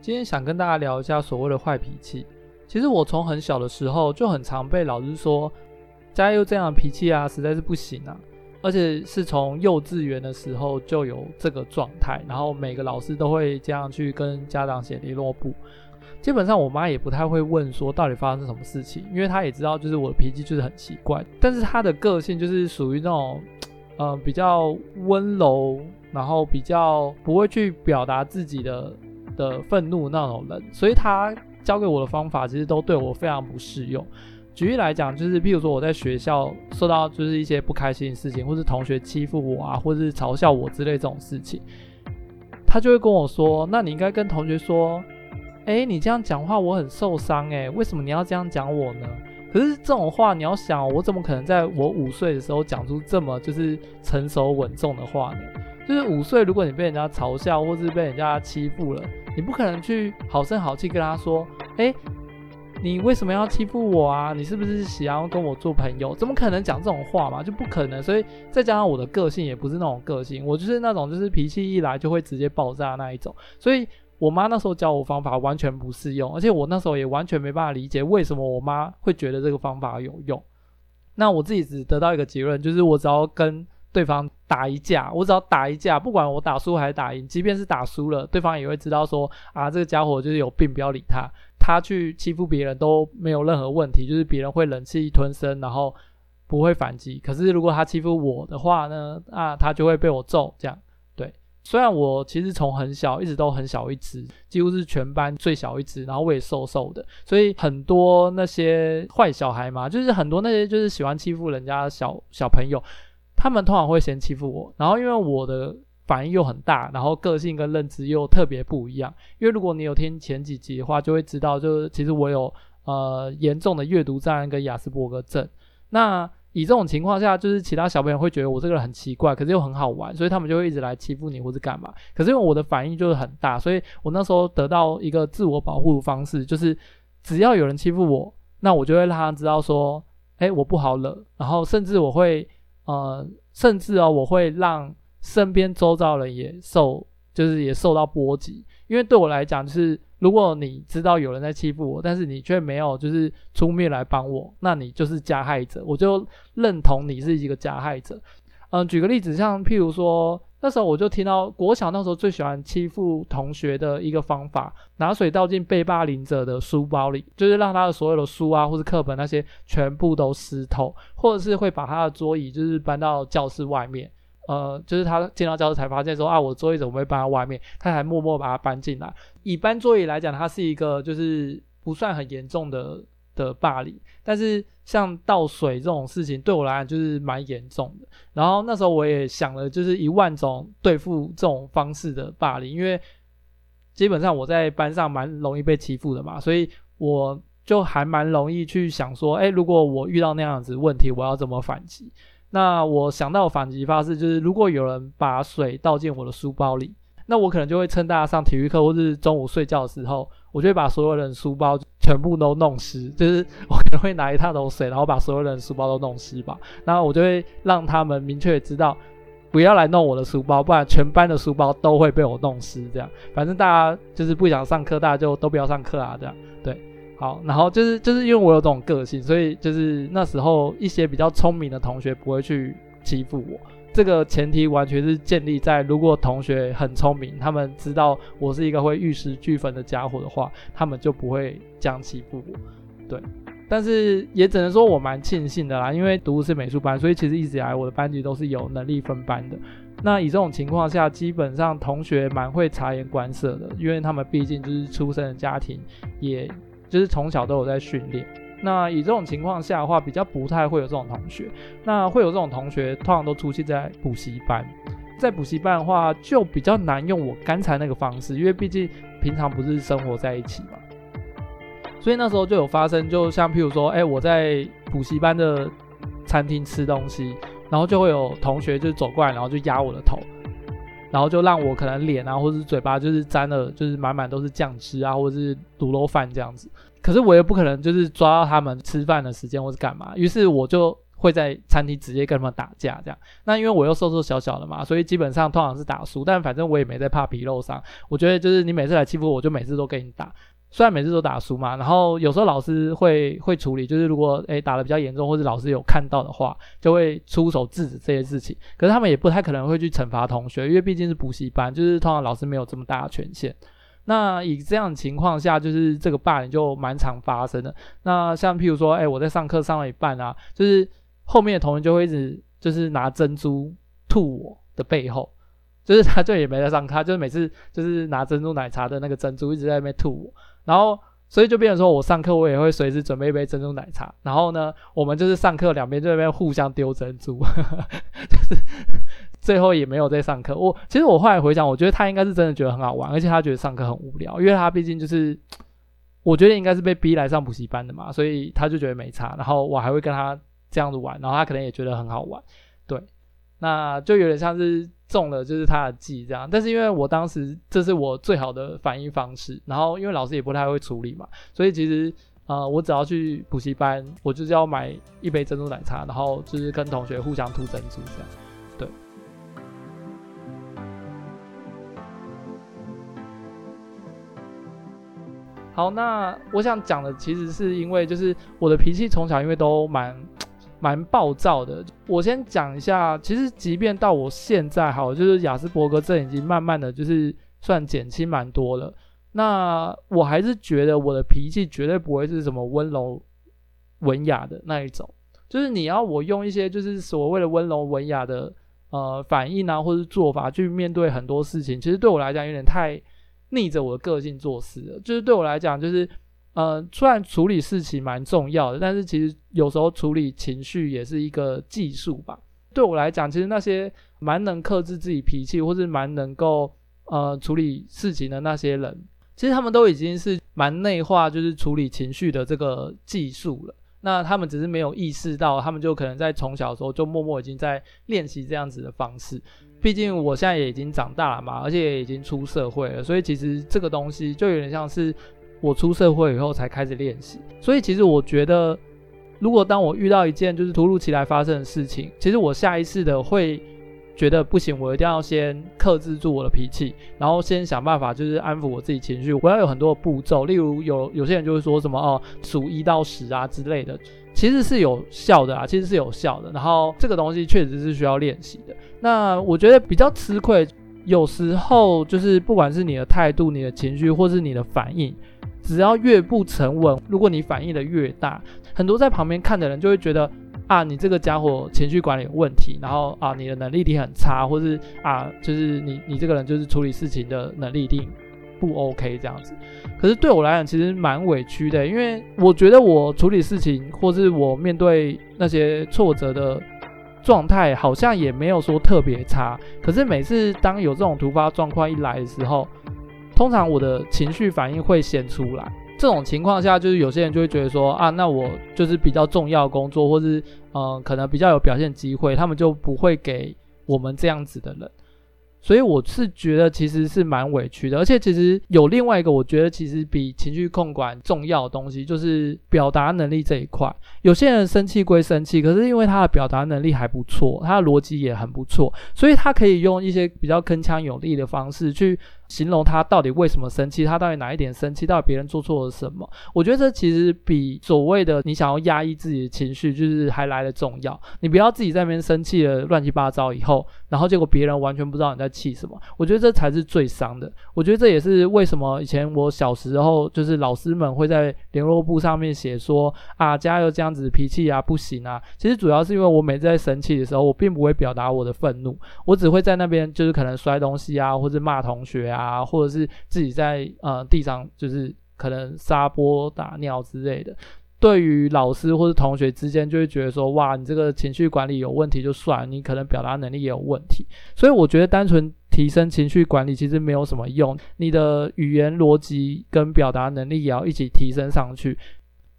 今天想跟大家聊一下所謂的壞脾氣。其實我從很小的時候就很常被老師說：“加油，這樣的脾氣啊，實在是不行啊。”而且是從幼稚園的時候就有這個狀態，然後每個老師都會這樣去跟家長寫聯絡簿。基本上，我媽也不太會問說到底發生什麼事情，因為她也知道，就是我的脾氣就是很奇怪。但是她的個性就是屬於那種，嗯、呃、比較溫柔，然後比較不會去表達自己的的憤怒的那種人，所以她教給我的方法其實都對我非常不適用。舉例來講，就是譬如說我在學校受到就是一些不開心的事情，或是同學欺負我啊，或是嘲笑我之類這種事情，他就會跟我說：“那你應該跟同學說，誒、欸，你這樣講話我很受傷，誒，為什麼你要這樣講我呢？”可是這種話你要想，我怎麼可能在我五歲的時候講出這麼就是成熟穩重的話呢？就是五歲，如果你被人家嘲笑或是被人家欺負了，你不可能去好聲好氣跟他說：“誒、欸……”你為什麼要欺負我啊？你是不是想要跟我做朋友？怎麼可能講這種話嘛？就不可能。所以再加上我的個性也不是那種個性，我就是那種就是脾氣一來就會直接爆炸那一種。所以我媽那時候教我方法完全不適用，而且我那時候也完全沒辦法理解為什麼我媽會覺得這個方法有用。那我自己只得到一個結論，就是我只要跟對方打一架，我只要打一架，不管我打輸還是打贏，即便是打輸了，對方也會知道說啊，這個傢伙就是有病，不要理他。他去欺負別人都沒有任何問題，就是別人會忍氣吞聲，然後不會反擊。可是如果他欺負我的話呢？啊，他就會被我揍。這樣對，雖然我其實從很小一直都很小一隻，幾乎是全班最小一隻，然後我也瘦瘦的，所以很多那些壞小孩嘛，就是很多那些就是喜歡欺負人家的小小朋友，他們通常會先欺負我。然後因為我的反應又很大，然後個性跟認知又特別不一樣。因為如果你有聽前幾集的話，就會知道，就是其實我有呃嚴重的閱讀障礙跟亞斯伯格症。那以這種情況下，就是其他小朋友會覺得我這個人很奇怪，可是又很好玩，所以他們就會一直來欺負你或是幹嘛。可是因為我的反應就是很大，所以我那時候得到一個自我保護的方式，就是只要有人欺負我，那我就會讓他知道說，誒、欸，我不好惹。然後甚至我會呃，甚至哦，我會讓。身邊周遭人也受，就是也受到波及。因為對我來講，就是如果你知道有人在欺負我，但是你卻沒有就是出面來幫我，那你就是加害者。我就認同你是一個加害者。嗯，舉個例子，像譬如說那時候我就聽到國強那時候最喜歡欺負同學的一個方法，拿水倒進被霸凌者的書包裡，就是讓他的所有的書啊或是課本那些全部都濕透，或者是會把他的桌椅就是搬到教室外面。呃，就是他見到教室才發現說啊，我桌椅怎麼被搬到外面？他才默默把它搬進來。以搬桌椅來講，它是一個就是不算很嚴重的的霸凌。但是像倒水這種事情，對我來講就是蠻嚴重的。然後那時候我也想了，就是一萬種對付這種方式的霸凌，因為基本上我在班上蠻容易被欺負的嘛，所以我就還蠻容易去想說，哎，如果我遇到那樣子問題，我要怎麼反擊？那我想到反擊方式，就是如果有人把水倒進我的書包裡，那我可能就會趁大家上體育課或是中午睡覺的時候，我就會把所有人的書包全部都弄濕，就是我可能會拿一桶水，然後把所有人的書包都弄濕吧。那我就會讓他們明確知道，不要來弄我的書包，不然全班的書包都會被我弄濕。這樣，反正大家就是不想上課，大家就都不要上課啊。這樣，對。好，然後就是就是因為我有這種個性，所以就是那時候一些比較聰明的同學不會去欺負我。這個前提完全是建立在如果同學很聰明，他們知道我是一個會玉石俱焚的家伙的話，他們就不會將欺負我。對，但是也只能說我蠻慶幸的啦，因為讀的是美術班，所以其實一直以來我的班級都是有能力分班的。那以這種情況下，基本上同學蠻會察言觀色的，因為他們畢竟就是出生的家庭也。其實從小都有在訓練，那以這種情況下的話，比較不太會有這種同學。那會有這種同學，通常都出現在補習班，在補習班的話，就比較難用我剛才那個方式，因為畢竟平常不是生活在一起嘛。所以那時候就有發生，就像譬如說，哎，我在補習班的餐廳吃東西，然後就會有同學就走過來，然後就壓我的頭。然後就讓我可能臉啊，或者是嘴巴，就是沾了，就是滿滿都是醬汁啊，或者是滷肉飯這樣子。可是我也不可能就是抓到他們吃飯的時間，或是幹嘛。於是我就會在餐廳直接跟他們打架這樣。那因為我又瘦瘦小小的嘛，所以基本上通常是打輸。但反正我也沒在怕皮肉傷，我覺得就是你每次來欺負我，我就每次都跟你打。雖然每次都打輸嘛，然後有時候老師會會處理，就是如果哎、欸、打得比較嚴重，或是老師有看到的話，就會出手制止這些事情。可是他們也不太可能會去懲罰同學，因為畢竟是補習班，就是通常老師沒有這麼大的權限。那以這樣的情況下，就是這個霸凌就蠻常發生的。那像譬如說，哎、欸、我在上課上了一半啊，就是後面的同學就會一直就是拿珍珠吐我的背後，就是他就也沒在上課，他就每次就是拿珍珠奶茶的那個珍珠一直在那邊吐我。然後，所以就變成說，我上課我也會隨時準備一杯珍珠奶茶。然後呢，我們就是上課兩邊就那邊互相丟珍珠，呵呵，就是最後也沒有在上課。我其實我後來回想，我覺得他應該是真的覺得很好玩，而且他覺得上課很無聊，因為他畢竟就是我覺得應該是被逼來上補習班的嘛，所以他就覺得沒差。然後我還會跟他這樣子玩，然後他可能也覺得很好玩，對。那就有點像是中了，就是他的計這樣。但是因為我當時這是我最好的反應方式，然後因為老師也不太會處理嘛，所以其實啊、呃，我只要去補習班，我就是要買一杯珍珠奶茶，然後就是跟同學互相吐珍珠這樣。對。好，那我想講的其實是因為，就是我的脾氣從小因為都蠻。蠻暴躁的。我先講一下，其實即便到我現在，好，就是亞斯伯格症已經慢慢的就是算減輕蠻多了。那我還是覺得我的脾氣絕對不會是什麼溫柔文雅的那一種。就是你要我用一些就是所謂的溫柔文雅的呃反應啊，或是做法去面對很多事情，其實對我來講有點太逆着我的個性做事了。就是對我來講，就是。呃，雖然處理事情蠻重要的，但是其實有時候處理情緒也是一個技術吧。對我來講，其實那些蠻能克制自己脾氣，或是蠻能夠呃處理事情的那些人，其實他們都已經是蠻內化，就是處理情緒的這個技術了。那他們只是沒有意識到，他們就可能在從小的時候就默默已經在練習這樣子的方式。畢竟我現在也已經長大了嘛，而且也已經出社會了，所以其實這個東西就有點像是。我出社會以後才開始練習，所以其實我覺得，如果當我遇到一件就是突如其來發生的事情，其實我下意識的會覺得不行，我一定要先克制住我的脾氣，然後先想辦法就是安撫我自己情緒。我要有很多的步驟，例如有有些人就會說什麼哦，數一到十啊之類的，其實是有效的啊，其實是有效的。然後這個東西確實是需要練習的。那我覺得比較吃虧，有時候就是不管是你的態度、你的情緒，或是你的反應。只要越不沉穩，如果你反應的越大，很多在旁邊看的人就會覺得啊，你這個家伙情緒管理有問題，然後啊，你的能力一定很差，或是啊，就是你你這個人就是處理事情的能力一定不 OK 這樣子。可是對我來講，其實蠻委屈的欸，因為我覺得我處理事情，或是我面對那些挫折的狀態，好像也沒有說特別差。可是每次當有這種突發狀況一來的時候，通常我的情緒反應會顯出來，這種情況下就是有些人就會覺得說啊，那我就是比較重要的工作，或是嗯、呃，可能比較有表現機會，他們就不會給我們這樣子的人。所以我是覺得其實是蠻委屈的，而且其實有另外一個我覺得其實比情緒控管重要的東西就是表達能力這一塊。有些人生氣歸生氣，可是因為他的表達能力還不錯，他的邏輯也很不錯，所以他可以用一些比較鏗鏘有力的方式去。形容他到底為什麼生氣，他到底哪一點生氣，到底別人做錯了什麼？我覺得這其實比所謂的你想要壓抑自己的情緒，就是還來得重要。你不要自己在那邊生氣了，亂七八糟以後，然後結果別人完全不知道你在氣什麼。我覺得這才是最傷的。我覺得這也是為什麼以前我小時候，就是老師們會在聯絡簿上面寫說啊，加油這樣子的脾氣啊不行啊。其實主要是因為我每次在生氣的時候，我並不會表達我的憤怒，我只會在那邊就是可能摔東西啊，或者罵同學啊。啊，或者是自己在呃地上，就是可能撒潑打尿之類的。對於老師或是同學之間，就會覺得說，哇，你這個情緒管理有問題，就算你可能表達能力也有問題。所以我覺得單純提升情緒管理其實沒有什麼用，你的語言邏輯跟表達能力也要一起提升上去。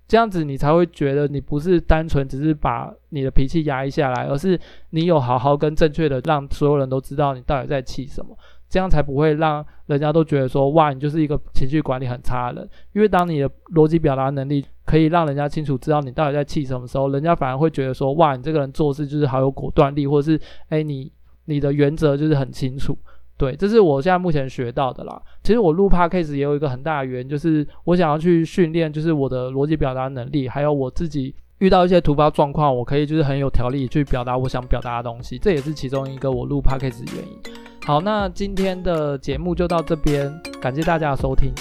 這樣子你才會覺得，你不是單純只是把你的脾氣壓抑下來，而是你有好好跟正確的讓所有人都知道你到底在氣什麼。這樣才不會讓人家都覺得說，哇，你就是一個情緒管理很差的人。因為當你的邏輯表達能力可以讓人家清楚知道你到底在氣什麼時候，人家反而會覺得說，哇，你這個人做事就是好有果斷力，或者是，誒，你你的原則就是很清楚。對，這是我現在目前學到的啦。其實我錄 podcast 也有一個很大的原因，就是我想要去訓練，就是我的邏輯表達能力，還有我自己遇到一些突發狀況，我可以就是很有條理去表達我想表達的東西。這也是其中一個我錄 podcast 的原因。好，那今天的節目就到這邊，感謝大家的收聽。